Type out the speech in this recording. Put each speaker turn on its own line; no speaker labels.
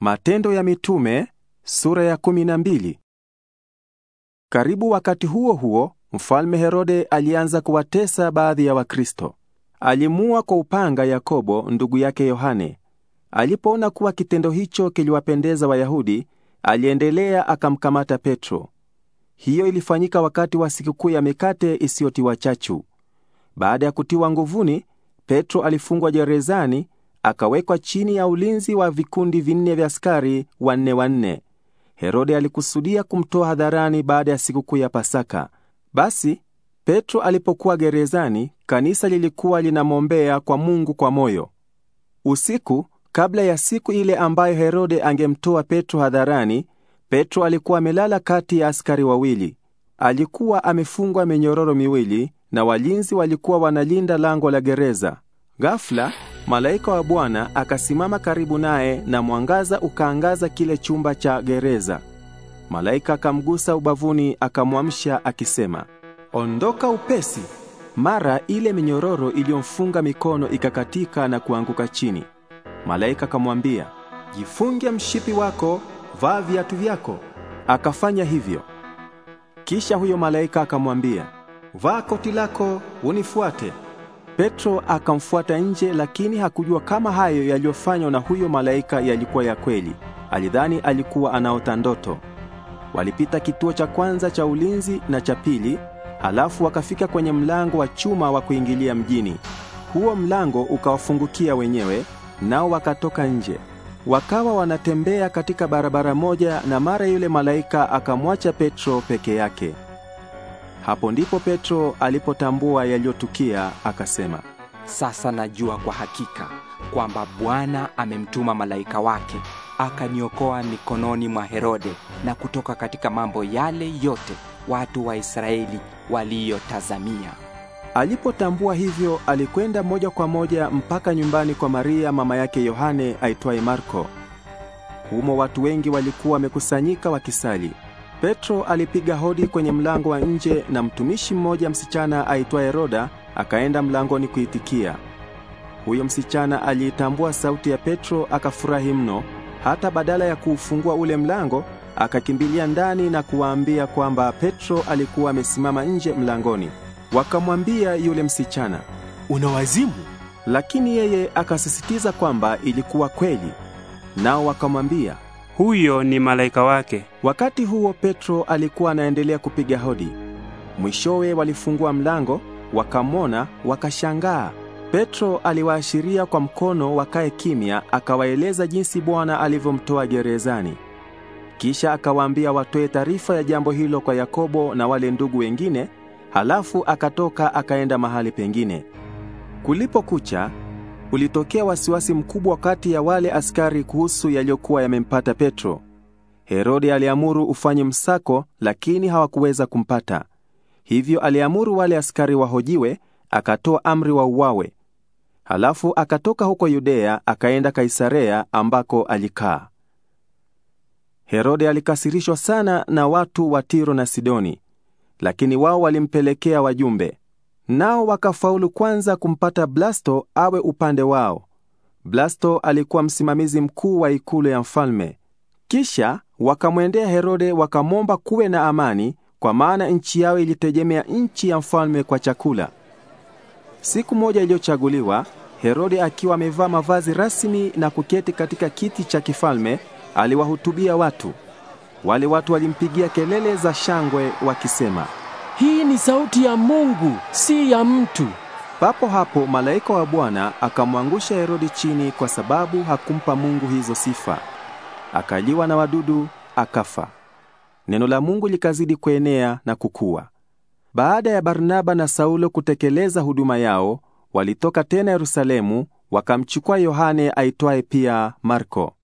Matendo ya Mitume sura ya kumi na mbili. Karibu wakati huo huo, mfalme Herode alianza kuwatesa baadhi ya Wakristo. Alimua kwa upanga Yakobo ndugu yake Yohane. Alipoona kuwa kitendo hicho kiliwapendeza Wayahudi, aliendelea akamkamata Petro. Hiyo ilifanyika wakati wa sikukuu ya mikate isiyotiwa chachu. Baada ya kutiwa nguvuni, Petro alifungwa gerezani akawekwa chini ya ulinzi wa vikundi vinne vya askari wanne wanne. Herode alikusudia kumtoa hadharani baada ya sikukuu ya Pasaka. Basi Petro alipokuwa gerezani, kanisa lilikuwa linamwombea kwa Mungu kwa moyo. Usiku kabla ya siku ile ambayo Herode angemtoa Petro hadharani, Petro alikuwa amelala kati ya askari wawili. Alikuwa amefungwa minyororo miwili na walinzi walikuwa wanalinda lango la gereza. Ghafla Malaika wa Bwana akasimama karibu naye na mwangaza ukaangaza kile chumba cha gereza. Malaika akamgusa ubavuni akamwamsha akisema, "Ondoka upesi." Mara ile minyororo iliyomfunga mikono ikakatika na kuanguka chini. Malaika akamwambia, "Jifunge mshipi wako, vaa viatu vyako." Akafanya hivyo. Kisha huyo malaika akamwambia, "Vaa koti lako, unifuate." Petro akamfuata nje, lakini hakujua kama hayo yaliyofanywa na huyo malaika yalikuwa ya kweli. Alidhani alikuwa anaota ndoto. Walipita kituo cha kwanza cha ulinzi na cha pili, halafu wakafika kwenye mlango wa chuma wa kuingilia mjini. Huo mlango ukawafungukia wenyewe, nao wakatoka nje. Wakawa wanatembea katika barabara moja, na mara yule malaika akamwacha Petro peke yake. Hapo ndipo Petro alipotambua yaliyotukia akasema, sasa najua kwa hakika kwamba Bwana amemtuma malaika wake akaniokoa mikononi mwa Herode na kutoka katika mambo yale yote watu wa Israeli waliyotazamia. Alipotambua hivyo, alikwenda moja kwa moja mpaka nyumbani kwa Maria mama yake Yohane aitwaye Marko. Humo watu wengi walikuwa wamekusanyika wakisali. Petro alipiga hodi kwenye mlango wa nje na mtumishi mmoja msichana aitwaye Roda akaenda mlangoni kuitikia. Huyo msichana aliitambua sauti ya Petro akafurahi mno, hata badala ya kuufungua ule mlango akakimbilia ndani na kuwaambia kwamba Petro alikuwa amesimama nje mlangoni. Wakamwambia yule msichana, una wazimu? Lakini yeye akasisitiza kwamba ilikuwa kweli. Nao wakamwambia huyo ni malaika wake. Wakati huo Petro alikuwa anaendelea kupiga hodi. Mwishowe walifungua mlango, wakamwona, wakashangaa. Petro aliwaashiria kwa mkono wakae kimya, akawaeleza jinsi Bwana alivyomtoa gerezani. Kisha akawaambia watoe taarifa ya jambo hilo kwa Yakobo na wale ndugu wengine, halafu akatoka akaenda mahali pengine. Kulipokucha Kulitokea wasiwasi mkubwa kati ya wale askari kuhusu yaliyokuwa yamempata Petro. Herode aliamuru ufanye msako, lakini hawakuweza kumpata. Hivyo aliamuru wale askari wahojiwe, akatoa amri wa uwawe Halafu akatoka huko Yudea akaenda Kaisarea ambako alikaa. Herode alikasirishwa sana na watu wa Tiro na Sidoni, lakini wao walimpelekea wajumbe. Nao wakafaulu kwanza kumpata Blasto awe upande wao. Blasto alikuwa msimamizi mkuu wa ikulu ya mfalme. Kisha wakamwendea Herode wakamwomba kuwe na amani, kwa maana nchi yao ilitegemea nchi ya mfalme kwa chakula. Siku moja iliyochaguliwa, Herode akiwa amevaa mavazi rasmi na kuketi katika kiti cha kifalme, aliwahutubia watu. Wale watu walimpigia kelele za shangwe wakisema: hii ni sauti ya Mungu, si ya mtu. Papo hapo malaika wa Bwana akamwangusha Herodi chini, kwa sababu hakumpa Mungu hizo sifa. Akaliwa na wadudu akafa. Neno la Mungu likazidi kuenea na kukua. Baada ya Barnaba na Saulo kutekeleza huduma yao, walitoka tena Yerusalemu wakamchukua Yohane aitwaye pia Marko.